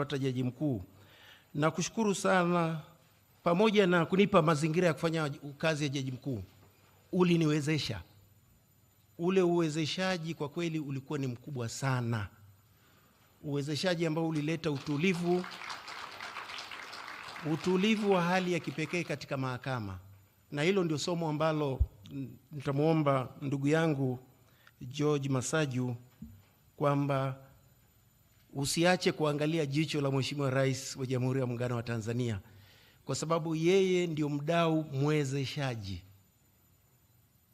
kupata jaji mkuu. Nakushukuru sana, pamoja na kunipa mazingira ya kufanya kazi ya jaji mkuu, uliniwezesha. Ule uwezeshaji kwa kweli ulikuwa ni mkubwa sana, uwezeshaji ambao ulileta utulivu, utulivu wa hali ya kipekee katika mahakama, na hilo ndio somo ambalo nitamwomba ndugu yangu George Masaju kwamba usiache kuangalia jicho la Mheshimiwa Rais wa Jamhuri ya Muungano wa Tanzania, kwa sababu yeye ndio mdau mwezeshaji,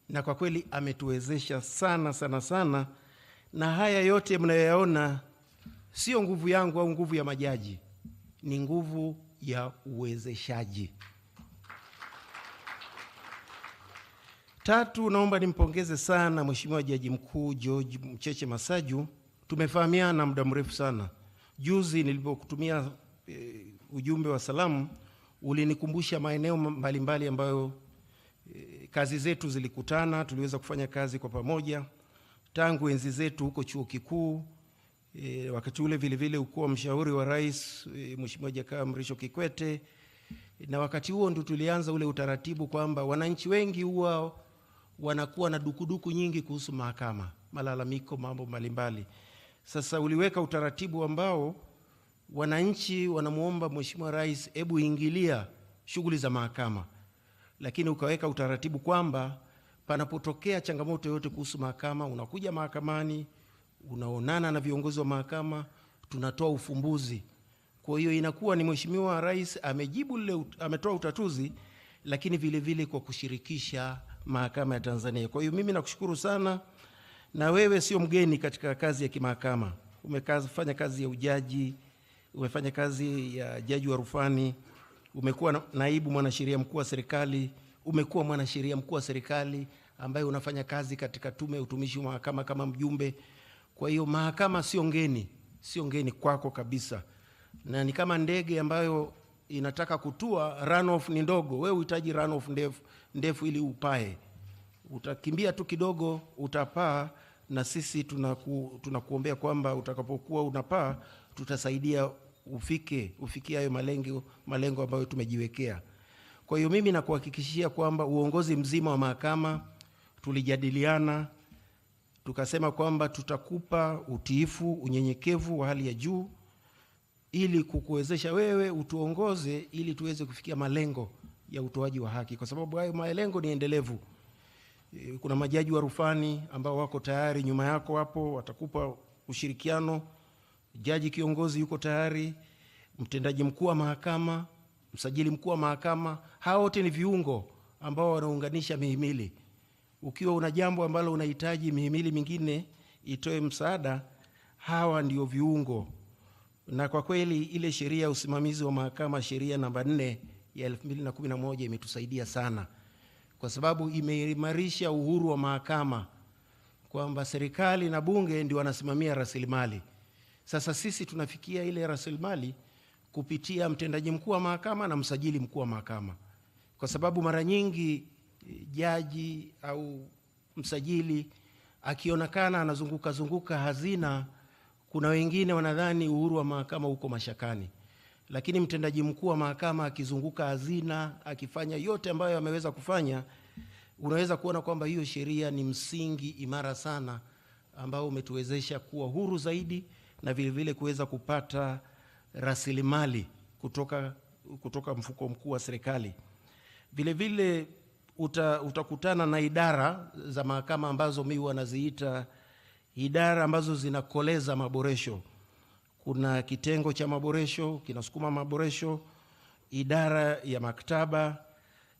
na kwa kweli ametuwezesha sana sana sana, na haya yote mnayoyaona sio nguvu yangu au nguvu ya majaji, ni nguvu ya uwezeshaji. Tatu, naomba nimpongeze sana Mheshimiwa Jaji Mkuu George Mcheche Masaju tumefahamiana muda mrefu sana. Juzi nilipokutumia e, ujumbe wa salamu ulinikumbusha maeneo mbalimbali ambayo e, kazi zetu zilikutana, tuliweza kufanya kazi kwa pamoja tangu enzi zetu huko chuo kikuu e, wakati ule vilevile ukuwa mshauri wa rais e, Mheshimiwa Jakaya Mrisho Kikwete na wakati huo ndo tulianza ule utaratibu kwamba wananchi wengi huwa wanakuwa na dukuduku nyingi kuhusu mahakama, malalamiko, mambo mbalimbali. Sasa uliweka utaratibu ambao wananchi wanamwomba Mheshimiwa Rais, hebu ingilia shughuli za mahakama, lakini ukaweka utaratibu kwamba panapotokea changamoto yoyote kuhusu mahakama, unakuja mahakamani, unaonana na viongozi wa mahakama, tunatoa ufumbuzi. Kwa hiyo inakuwa ni Mheshimiwa Rais amejibu lile, ametoa utatuzi, lakini vilevile vile kwa kushirikisha mahakama ya Tanzania. Kwa hiyo mimi nakushukuru sana na wewe sio mgeni katika kazi ya kimahakama. Umefanya kazi ya ujaji, umefanya kazi ya jaji wa rufani, umekuwa naibu mwanasheria mkuu wa serikali, umekuwa mwanasheria mkuu wa serikali ambaye unafanya kazi katika tume ya utumishi wa mahakama kama mjumbe. Kwa hiyo mahakama sio ngeni, sio ngeni kwako kabisa, na ni kama ndege ambayo inataka kutua, runoff ni ndogo. Wewe uhitaji runoff ndefu ndefu ili upae. Utakimbia tu kidogo, utapaa, na sisi tunaku, tunakuombea kwamba utakapokuwa unapaa tutasaidia ufike ufikie hayo malengo, malengo ambayo tumejiwekea. Kwa hiyo mimi nakuhakikishia kwamba uongozi mzima wa mahakama tulijadiliana, tukasema kwamba tutakupa utiifu, unyenyekevu wa hali ya juu ili kukuwezesha wewe utuongoze ili tuweze kufikia malengo ya utoaji wa haki, kwa sababu hayo malengo ni endelevu. Eh, kuna majaji wa rufani ambao wako tayari nyuma yako hapo, watakupa ushirikiano. Jaji kiongozi yuko tayari, mtendaji mkuu wa mahakama, msajili mkuu wa mahakama, hawa wote ni viungo ambao wanaunganisha mihimili. Ukiwa una jambo ambalo unahitaji mihimili mingine itoe msaada, hawa ndio viungo. Na kwa kweli ile sheria ya usimamizi wa mahakama, sheria namba 4 ya 2011 imetusaidia sana kwa sababu imeimarisha uhuru wa mahakama kwamba serikali na bunge ndio wanasimamia rasilimali. Sasa sisi tunafikia ile rasilimali kupitia mtendaji mkuu wa mahakama na msajili mkuu wa mahakama, kwa sababu mara nyingi e, jaji au msajili akionekana anazunguka zunguka hazina, kuna wengine wanadhani uhuru wa mahakama uko mashakani lakini mtendaji mkuu wa mahakama akizunguka hazina akifanya yote ambayo ameweza kufanya, unaweza kuona kwamba hiyo sheria ni msingi imara sana ambao umetuwezesha kuwa huru zaidi na vilevile kuweza kupata rasilimali kutoka, kutoka mfuko mkuu wa serikali. Vilevile uta, utakutana na idara za mahakama ambazo mi huwa naziita idara ambazo zinakoleza maboresho kuna kitengo cha maboresho kinasukuma maboresho, idara ya maktaba,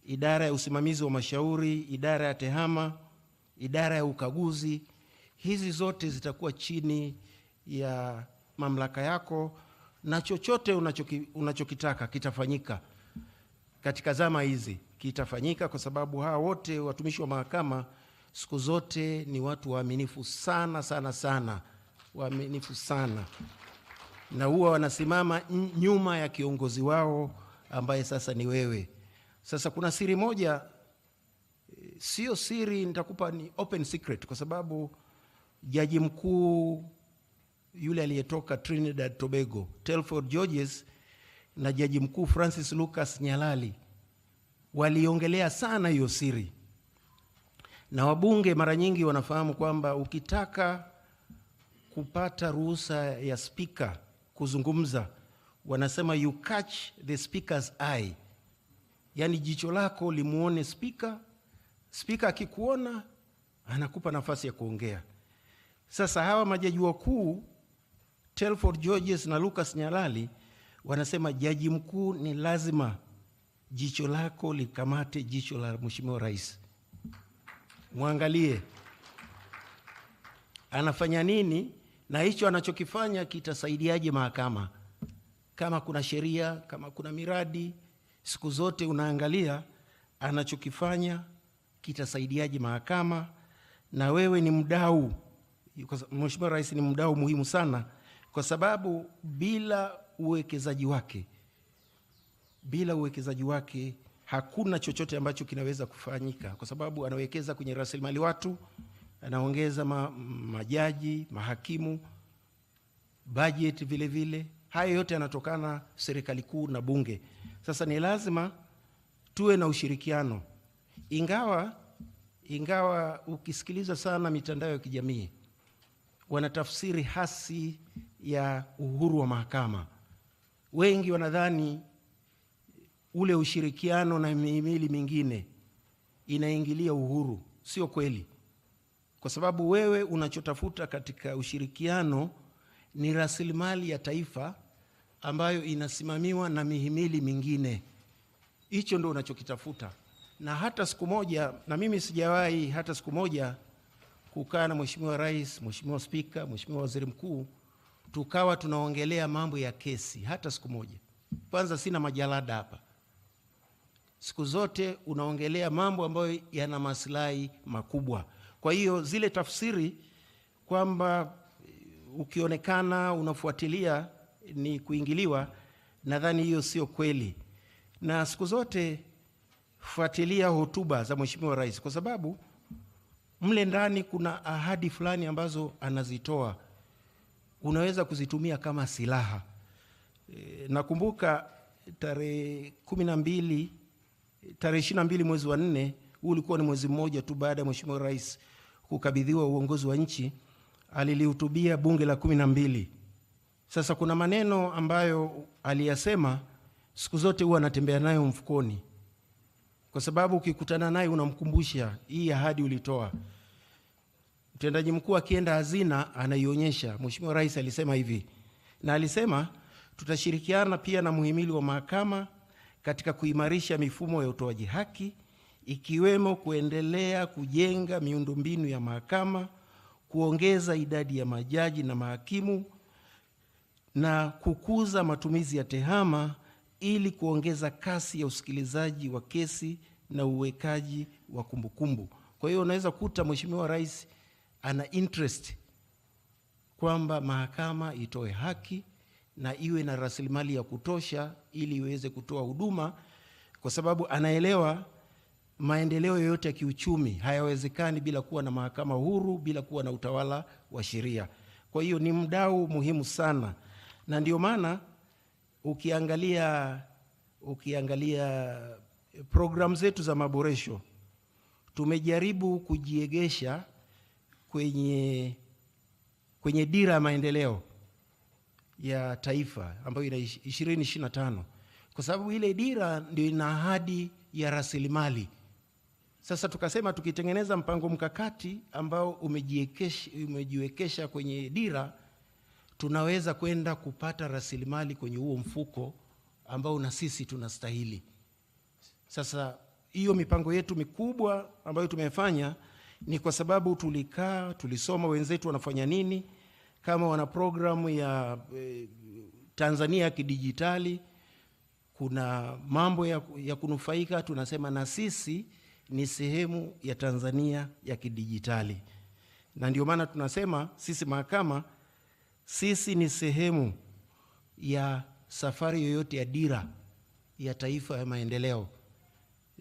idara ya usimamizi wa mashauri, idara ya tehama, idara ya ukaguzi. Hizi zote zitakuwa chini ya mamlaka yako, na chochote unachoki, unachokitaka kitafanyika katika zama hizi, kitafanyika kwa sababu hawa wote watumishi wa mahakama siku zote ni watu waaminifu sana sana sana, waaminifu sana na huwa wanasimama nyuma ya kiongozi wao ambaye sasa ni wewe. Sasa kuna siri moja, sio siri, nitakupa ni open secret, kwa sababu jaji mkuu yule aliyetoka Trinidad Tobago, Telford Georges, na jaji mkuu Francis Lucas Nyalali waliongelea sana hiyo siri, na wabunge mara nyingi wanafahamu kwamba ukitaka kupata ruhusa ya spika kuzungumza, wanasema you catch the speaker's eye, yaani jicho lako limuone spika. Spika akikuona anakupa nafasi ya kuongea. Sasa hawa majaji wakuu Telford Georges na Lucas Nyalali wanasema jaji mkuu ni lazima jicho lako likamate jicho la mheshimiwa rais, mwangalie anafanya nini na hicho anachokifanya kitasaidiaje mahakama? Kama kuna sheria, kama kuna miradi, siku zote unaangalia anachokifanya kitasaidiaje mahakama, na wewe ni mdau. Mheshimiwa Rais ni mdau muhimu sana, kwa sababu bila uwekezaji wake, bila uwekezaji wake hakuna chochote ambacho kinaweza kufanyika, kwa sababu anawekeza kwenye rasilimali watu anaongeza ma, majaji mahakimu, bajeti vile vile. Haya yote yanatokana serikali kuu na bunge. Sasa ni lazima tuwe na ushirikiano, ingawa ingawa ukisikiliza sana mitandao ya kijamii wana tafsiri hasi ya uhuru wa mahakama. Wengi wanadhani ule ushirikiano na mihimili mingine inaingilia uhuru. Sio kweli kwa sababu wewe unachotafuta katika ushirikiano ni rasilimali ya taifa ambayo inasimamiwa na mihimili mingine. Hicho ndo unachokitafuta, na hata siku moja, na mimi sijawahi hata siku moja kukaa na Mheshimiwa Rais, Mheshimiwa Spika, Mheshimiwa Waziri Mkuu tukawa tunaongelea mambo ya kesi hata siku moja. Kwanza sina majalada hapa, siku zote unaongelea mambo ambayo yana masilahi makubwa. Kwa hiyo zile tafsiri kwamba ukionekana unafuatilia ni kuingiliwa, nadhani hiyo sio kweli, na siku zote fuatilia hotuba za Mheshimiwa Rais kwa sababu mle ndani kuna ahadi fulani ambazo anazitoa, unaweza kuzitumia kama silaha. E, nakumbuka tarehe kumi na mbili tarehe ishirini na mbili mwezi wa nne, huu ulikuwa ni mwezi mmoja tu baada ya Mheshimiwa Rais kukabidhiwa uongozi wa nchi alilihutubia bunge la kumi na mbili. Sasa kuna maneno ambayo aliyasema, siku zote huwa anatembea nayo mfukoni, kwa sababu ukikutana naye unamkumbusha hii ahadi ulitoa. Mtendaji mkuu akienda hazina anaionyesha, Mheshimiwa Rais alisema hivi, na alisema tutashirikiana pia na muhimili wa mahakama katika kuimarisha mifumo ya utoaji haki ikiwemo kuendelea kujenga miundombinu ya mahakama, kuongeza idadi ya majaji na mahakimu na kukuza matumizi ya tehama ili kuongeza kasi ya usikilizaji wa kesi na uwekaji wa kumbukumbu. Kwa hiyo unaweza kuta Mheshimiwa Rais ana interest kwamba mahakama itoe haki na iwe na rasilimali ya kutosha ili iweze kutoa huduma, kwa sababu anaelewa maendeleo yoyote ya kiuchumi hayawezekani bila kuwa na mahakama huru, bila kuwa na utawala wa sheria. Kwa hiyo ni mdau muhimu sana, na ndio maana ukiangalia, ukiangalia programu zetu za maboresho tumejaribu kujiegesha kwenye, kwenye dira ya maendeleo ya taifa ambayo ina 2025 kwa sababu ile dira ndio ina ahadi ya rasilimali. Sasa tukasema tukitengeneza mpango mkakati ambao umejiwekesha, kwenye dira, tunaweza kwenda kupata rasilimali kwenye huo mfuko ambao na sisi tunastahili. Sasa hiyo mipango yetu mikubwa ambayo tumefanya ni kwa sababu tulikaa, tulisoma wenzetu wanafanya nini, kama wana programu ya eh, Tanzania ya kidijitali, kuna mambo ya, ya kunufaika, tunasema na sisi ni sehemu ya Tanzania ya kidijitali, na ndio maana tunasema sisi mahakama, sisi ni sehemu ya safari yoyote ya dira ya taifa ya maendeleo.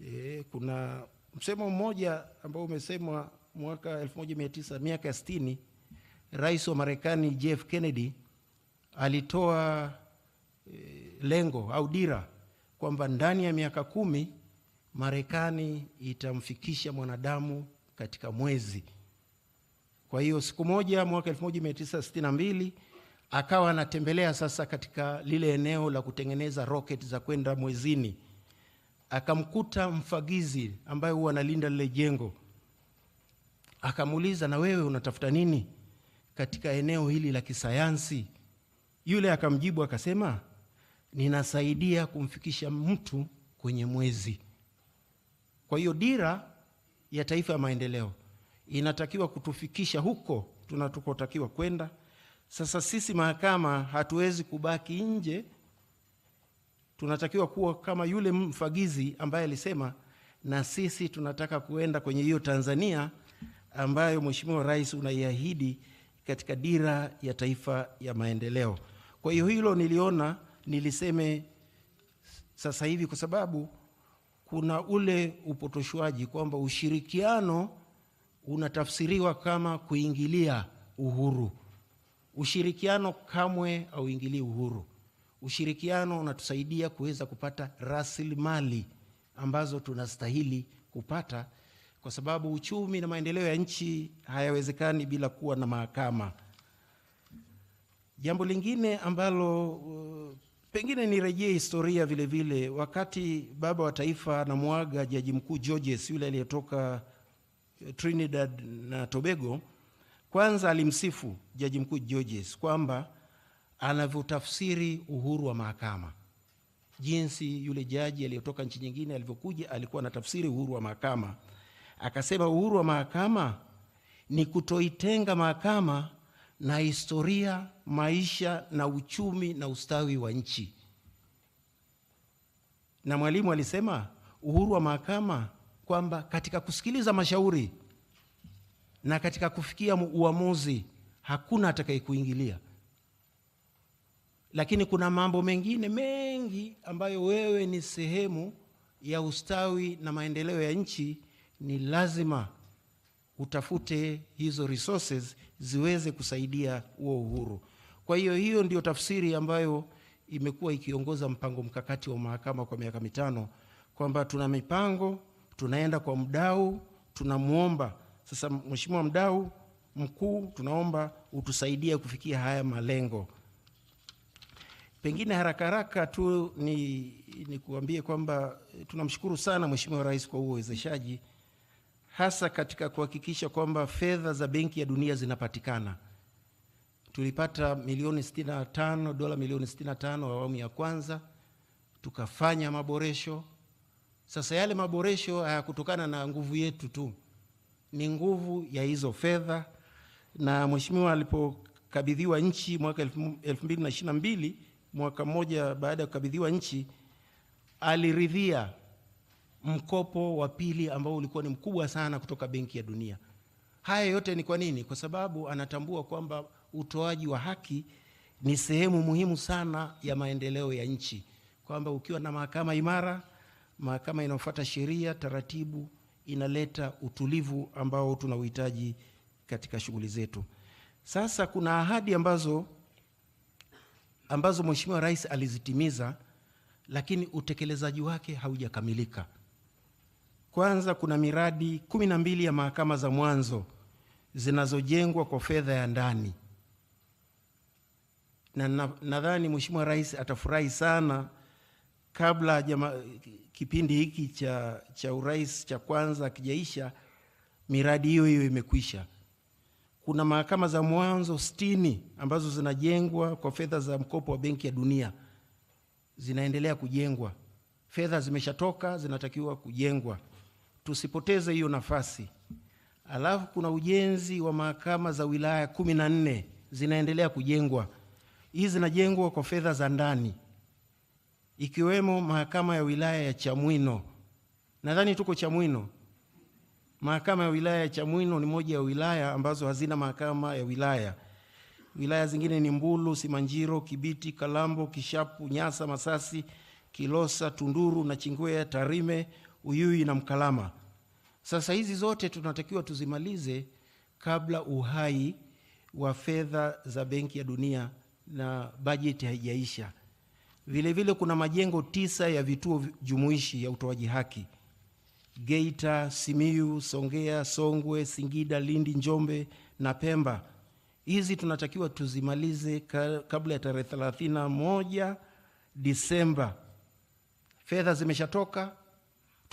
E, kuna msemo mmoja ambao umesemwa mwaka 1900 miaka 60, Rais wa Marekani JF Kennedy alitoa e, lengo au dira kwamba ndani ya miaka kumi Marekani itamfikisha mwanadamu katika mwezi. Kwa hiyo siku moja mwaka 1962 akawa anatembelea sasa katika lile eneo la kutengeneza rocket za kwenda mwezini, akamkuta mfagizi ambaye huwa analinda lile jengo, akamuuliza, na wewe unatafuta nini katika eneo hili la kisayansi? Yule akamjibu akasema, ninasaidia kumfikisha mtu kwenye mwezi. Kwa hiyo dira ya taifa ya maendeleo inatakiwa kutufikisha huko tunatukotakiwa kwenda. Sasa sisi mahakama hatuwezi kubaki nje, tunatakiwa kuwa kama yule mfagizi ambaye alisema, na sisi tunataka kuenda kwenye hiyo Tanzania ambayo Mheshimiwa Rais unaiahidi katika dira ya taifa ya maendeleo. Kwa hiyo hilo niliona niliseme sasa hivi kwa sababu kuna ule upotoshwaji kwamba ushirikiano unatafsiriwa kama kuingilia uhuru. Ushirikiano kamwe hauingilii uhuru. Ushirikiano unatusaidia kuweza kupata rasilimali ambazo tunastahili kupata, kwa sababu uchumi na maendeleo ya nchi hayawezekani bila kuwa na mahakama. Jambo lingine ambalo uh, Pengine nirejee historia vile vile, wakati baba wa taifa anamwaga jaji mkuu Georges yule aliyetoka eh, Trinidad na Tobago, kwanza alimsifu jaji mkuu Georges kwamba anavyotafsiri uhuru wa mahakama, jinsi yule jaji aliyotoka nchi nyingine alivyokuja, alikuwa anatafsiri uhuru wa mahakama. Akasema uhuru wa mahakama ni kutoitenga mahakama na historia, maisha na uchumi na ustawi wa nchi. Na Mwalimu alisema uhuru wa mahakama kwamba katika kusikiliza mashauri na katika kufikia uamuzi hakuna atakayekuingilia, lakini kuna mambo mengine mengi ambayo wewe ni sehemu ya ustawi na maendeleo ya nchi, ni lazima utafute hizo resources ziweze kusaidia huo uhuru. Kwa hiyo hiyo ndio tafsiri ambayo imekuwa ikiongoza mpango mkakati wa mahakama kwa miaka mitano, kwamba tuna mipango, tunaenda kwa mdau, tunamwomba sasa, mheshimiwa mdau mkuu, tunaomba utusaidie kufikia haya malengo. Pengine haraka haraka tu ni, ni kuambie kwamba tunamshukuru sana Mheshimiwa Rais kwa uwezeshaji hasa katika kuhakikisha kwamba fedha za Benki ya Dunia zinapatikana. Tulipata milioni 65, dola milioni 65 awamu ya kwanza, tukafanya maboresho. Sasa yale maboresho hayakutokana na nguvu yetu tu, ni nguvu ya hizo fedha. Na mheshimiwa alipokabidhiwa nchi mwaka 2022 mwaka mmoja baada ya kukabidhiwa nchi aliridhia mkopo wa pili ambao ulikuwa ni mkubwa sana kutoka Benki ya Dunia. Haya yote ni kwa nini? Kwa sababu anatambua kwamba utoaji wa haki ni sehemu muhimu sana ya maendeleo ya nchi, kwamba ukiwa na mahakama imara, mahakama inayofuata sheria, taratibu, inaleta utulivu ambao tunauhitaji katika shughuli zetu. Sasa kuna ahadi ambazo, ambazo Mheshimiwa Rais alizitimiza, lakini utekelezaji wake haujakamilika. Kwanza, kuna miradi kumi na mbili ya mahakama za mwanzo zinazojengwa kwa fedha ya ndani, na nadhani na Mheshimiwa Rais atafurahi sana kabla jama, kipindi hiki cha, cha urais cha kwanza akijaisha, miradi hiyo hiyo imekwisha. Kuna mahakama za mwanzo sitini ambazo zinajengwa kwa fedha za mkopo wa Benki ya Dunia, zinaendelea kujengwa. Fedha zimeshatoka, zinatakiwa kujengwa tusipoteze hiyo nafasi. Alafu kuna ujenzi wa mahakama za wilaya kumi na nne zinaendelea kujengwa. Hizi zinajengwa kwa fedha za ndani, ikiwemo mahakama ya wilaya ya Chamwino. Nadhani tuko Chamwino. Mahakama ya wilaya ya Chamwino ni moja ya wilaya ambazo hazina mahakama ya wilaya. Wilaya zingine ni Mbulu, Simanjiro, Kibiti, Kalambo, Kishapu, Nyasa, Masasi, Kilosa, Tunduru na Chingwea, Tarime Uyui na Mkalama. Sasa hizi zote tunatakiwa tuzimalize kabla uhai wa fedha za Benki ya Dunia na bajeti haijaisha. Vilevile vile kuna majengo tisa ya vituo jumuishi ya utoaji haki Geita, Simiyu, Songea, Songwe, Singida, Lindi, Njombe na Pemba. Hizi tunatakiwa tuzimalize kabla ya tarehe 31 Disemba. Fedha zimeshatoka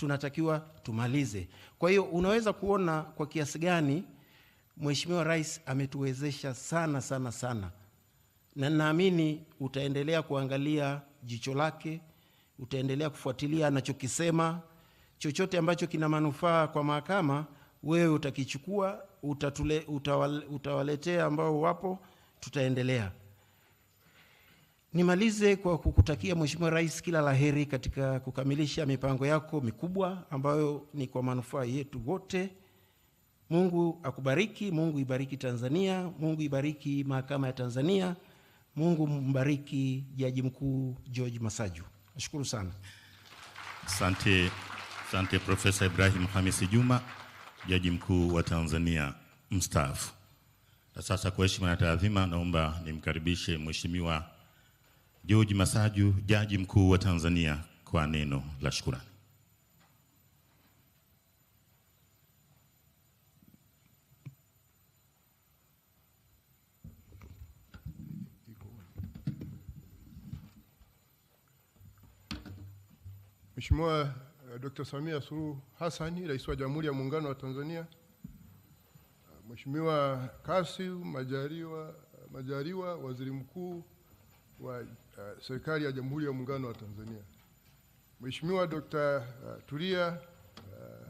tunatakiwa tumalize. Kwa hiyo unaweza kuona kwa kiasi gani Mheshimiwa Rais ametuwezesha sana sana sana, na naamini utaendelea kuangalia jicho lake, utaendelea kufuatilia anachokisema. Chochote ambacho kina manufaa kwa mahakama, wewe utakichukua, utatule, utawal, utawaletea ambao wapo, tutaendelea Nimalize kwa kukutakia Mheshimiwa Rais kila laheri katika kukamilisha mipango yako mikubwa ambayo ni kwa manufaa yetu wote. Mungu akubariki, Mungu ibariki Tanzania, Mungu ibariki mahakama ya Tanzania, Mungu mbariki Jaji Mkuu George Masaju. Nashukuru sana. Asante, asante Profesa Ibrahim Hamisi Juma, Jaji Mkuu wa Tanzania mstaafu. Na sasa kwa heshima na taadhima, naomba nimkaribishe Mheshimiwa George Masaju, Jaji Mkuu wa Tanzania kwa neno la shukrani. Mheshimiwa eh, Dr. Samia Suluhu Hassan, Rais wa Jamhuri ya Muungano wa Tanzania, Mheshimiwa Kassim Majaliwa, Majaliwa Waziri Mkuu wa uh, serikali ya Jamhuri ya Muungano wa Tanzania Mheshimiwa Dr. uh, Tulia uh,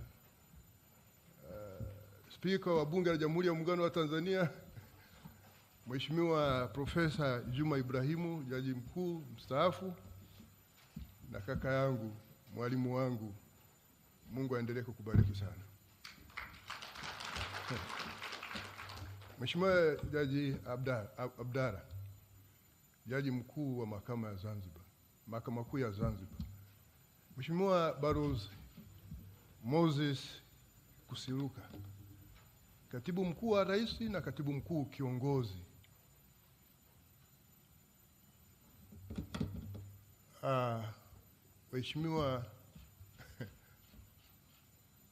uh, Spika wa Bunge la Jamhuri ya Muungano wa Tanzania Mheshimiwa Profesa Juma Ibrahimu, Jaji Mkuu mstaafu na kaka yangu, mwalimu wangu, Mungu aendelee kukubariki sana. Mheshimiwa Jaji Abdara, Abdara jaji mkuu wa mahakama ya Zanzibar, mahakama kuu ya Zanzibar, Mheshimiwa Barozi Moses Kusiluka, katibu mkuu wa rais na katibu mkuu kiongozi ah, waheshimiwa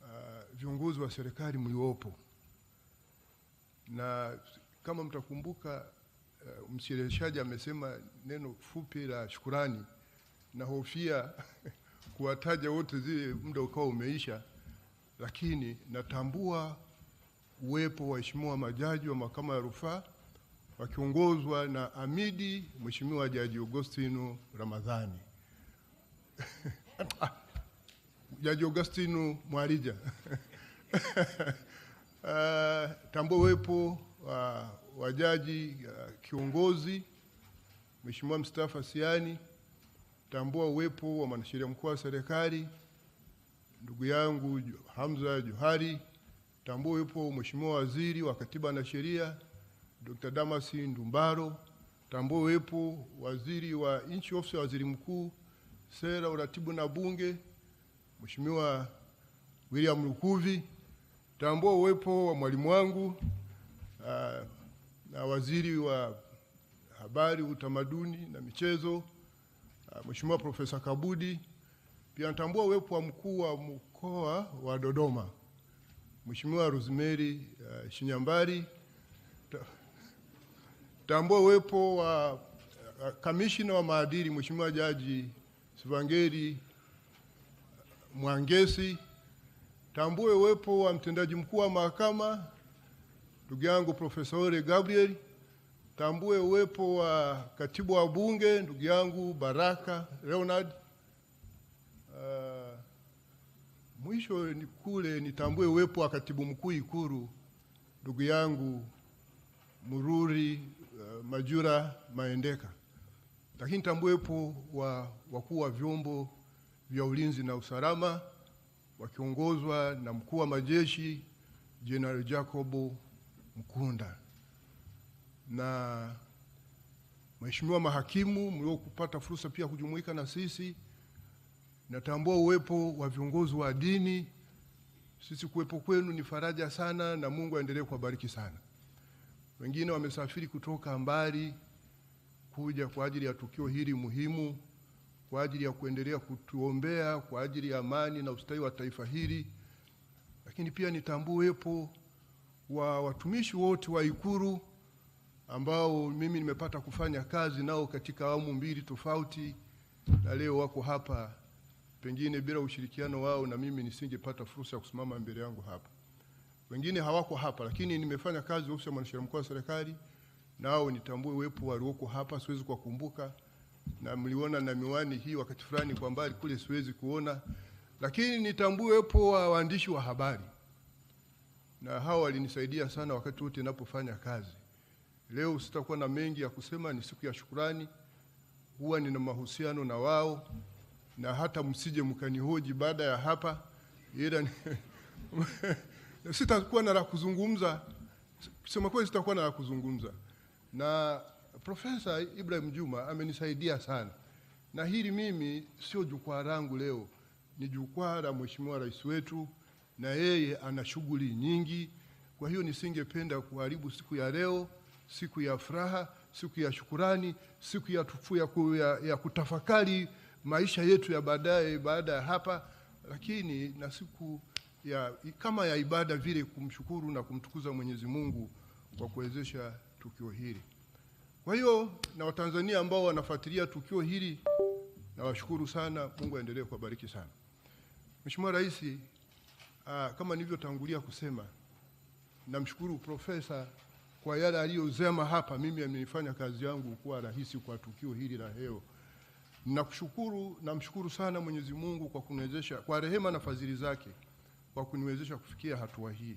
ah, viongozi wa serikali mliopo, na kama mtakumbuka Uh, eh, mshereheshaji amesema neno fupi la shukurani, na hofia kuwataja wote zile, muda ukawa umeisha, lakini natambua uwepo wa waheshimiwa majaji wa mahakama ya rufaa wakiongozwa na amidi Mheshimiwa Jaji Augustino Ramadhani Jaji Augustino Mwarija uh, tambua uwepo wa, wa jaji uh, kiongozi Mheshimiwa Mstaafu Siani, tambua uwepo wa mwanasheria mkuu wa serikali ndugu yangu Hamza Johari, tambua uwepo Mheshimiwa Waziri wa Katiba na Sheria Dr. Damasi Ndumbaro, tambua uwepo waziri wa nchi ofisi ya waziri mkuu sera, uratibu na bunge Mheshimiwa William Lukuvi, tambua uwepo wa mwalimu wangu uh, na waziri wa habari, utamaduni na michezo uh, Mheshimiwa Profesa Kabudi. Pia natambua uwepo wa mkuu wa mkoa wa Dodoma Mheshimiwa Rosemary uh, Shinyambari. Tambua uwepo wa kamishina wa maadili Mheshimiwa Jaji Sivangeri Mwangesi. Tambue uwepo wa mtendaji mkuu wa mahakama ndugu yangu Profesore Gabriel, tambue uwepo wa katibu wa bunge ndugu yangu Baraka Leonard. Uh, mwisho ni kule nitambue uwepo wa katibu mkuu Ikuru ndugu yangu Mururi uh, Majura Maendeka, lakini nitambue uwepo wa wakuu wa vyombo vya ulinzi na usalama wakiongozwa na mkuu wa majeshi general Jacobo Mkunda na mheshimiwa mahakimu mliokupata fursa pia kujumuika na sisi. Natambua uwepo wa viongozi wa dini, sisi kuwepo kwenu ni faraja sana, na Mungu aendelee kuwabariki sana. Wengine wamesafiri kutoka mbali kuja kwa ajili ya tukio hili muhimu, kwa ajili ya kuendelea kutuombea kwa ajili ya amani na ustawi wa taifa hili, lakini pia nitambua uwepo wa watumishi wote wa Ikuru ambao mimi nimepata kufanya kazi nao katika awamu mbili tofauti, na leo wako hapa. Pengine bila ushirikiano wao na mimi nisingepata fursa ya kusimama mbele yangu hapa. Wengine hawako hapa, lakini nimefanya kazi ofisi ya mwanasheria mkuu wa serikali, nao nitambue uwepo walioko hapa. Siwezi kuwakumbuka, na mliona na miwani hii wakati fulani kwa mbali kule, siwezi kuona, lakini nitambue uwepo wa waandishi wa habari na hawa walinisaidia sana wakati wote ninapofanya kazi. Leo sitakuwa na mengi ya kusema, ni siku ya shukurani. Huwa nina mahusiano na wao, na hata msije mkanihoji baada ya hapa, ila sitakuwa na la kuzungumza. Kusema kweli, sitakuwa na la kuzungumza. Na Profesa Ibrahim Juma amenisaidia sana, na hili mimi sio jukwaa langu leo, ni jukwaa la Mheshimiwa Rais wetu na yeye ana shughuli nyingi. Kwa hiyo nisingependa kuharibu siku ya leo, siku ya furaha, siku ya shukurani, siku ya, tufu ya, ku, ya, ya kutafakari maisha yetu ya baadaye baada ya hapa, lakini na siku ya kama ya ibada vile, kumshukuru na kumtukuza Mwenyezi Mungu kwa kuwezesha tukio hili. Kwa hiyo na Watanzania ambao wanafuatilia tukio hili nawashukuru sana. Mungu aendelee kuwabariki sana. Mheshimiwa Rais Aa, ah, kama nilivyotangulia kusema namshukuru profesa kwa yale aliyosema hapa, mimi amenifanya kazi yangu kuwa rahisi kwa tukio hili la leo. Nakushukuru, namshukuru sana Mwenyezi Mungu kwa kuniwezesha kwa rehema na fadhili zake kwa kuniwezesha kufikia hatua hii.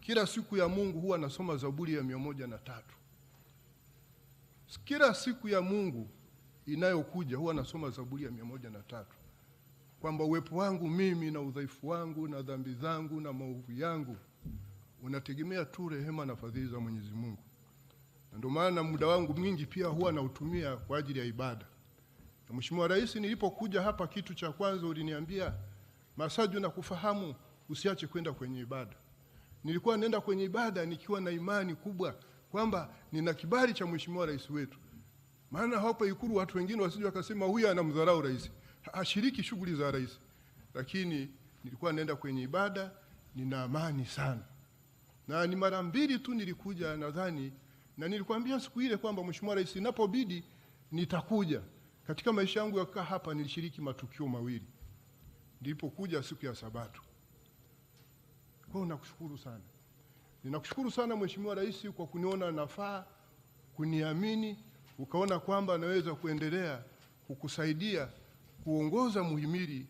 Kila siku ya Mungu huwa nasoma Zaburi ya mia moja na tatu. Kila siku ya Mungu inayokuja huwa nasoma Zaburi ya mia moja na tatu kwamba uwepo wangu mimi na udhaifu wangu na dhambi zangu na maovu yangu unategemea tu rehema na fadhili za Mwenyezi Mungu, na ndio maana muda wangu mwingi pia huwa nautumia kwa ajili ya ibada. Na Mheshimiwa Rais, nilipokuja hapa, kitu cha kwanza uliniambia, Masaju na kufahamu usiache kwenda kwenye ibada. Nilikuwa naenda kwenye ibada nikiwa na imani kubwa kwamba nina kibali cha Mheshimiwa Rais wetu, maana hapa Ikulu watu wengine wasije wakasema huyu anamdharau rais hashiriki shughuli za rais, lakini nilikuwa naenda kwenye ibada, nina amani sana, na ni mara mbili tu nilikuja nadhani, na nilikwambia siku ile kwamba mheshimiwa rais, inapobidi nitakuja. Katika maisha yangu ya kukaa hapa nilishiriki matukio mawili nilipokuja siku ya Sabato. Kwa hiyo nakushukuru sana, ninakushukuru sana mheshimiwa rais kwa kuniona nafaa, kuniamini, ukaona kwamba naweza kuendelea kukusaidia kuongoza muhimili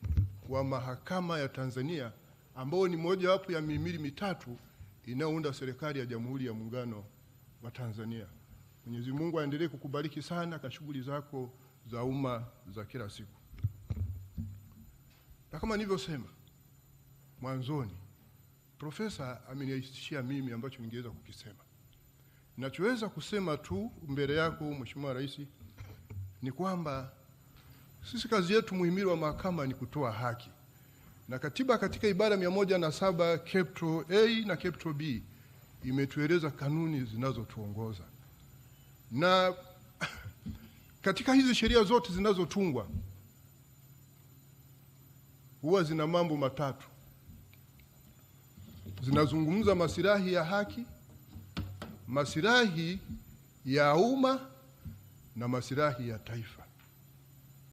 wa mahakama ya Tanzania ambao ni mojawapo ya mihimili mitatu inayounda serikali ya Jamhuri ya Muungano wa Tanzania. Mwenyezi Mungu aendelee kukubariki sana kwa shughuli zako za umma za kila siku. Na kama nilivyosema mwanzoni, profesa ameniaishia mimi ambacho ningeweza kukisema. Ninachoweza kusema tu mbele yako Mheshimiwa Rais ni kwamba sisi kazi yetu muhimili wa mahakama ni kutoa haki, na katiba katika ibara mia moja na saba capital A na capital B imetueleza kanuni zinazotuongoza na katika hizi sheria zote zinazotungwa huwa zina mambo matatu: zinazungumza masilahi ya haki, masilahi ya umma na masilahi ya taifa.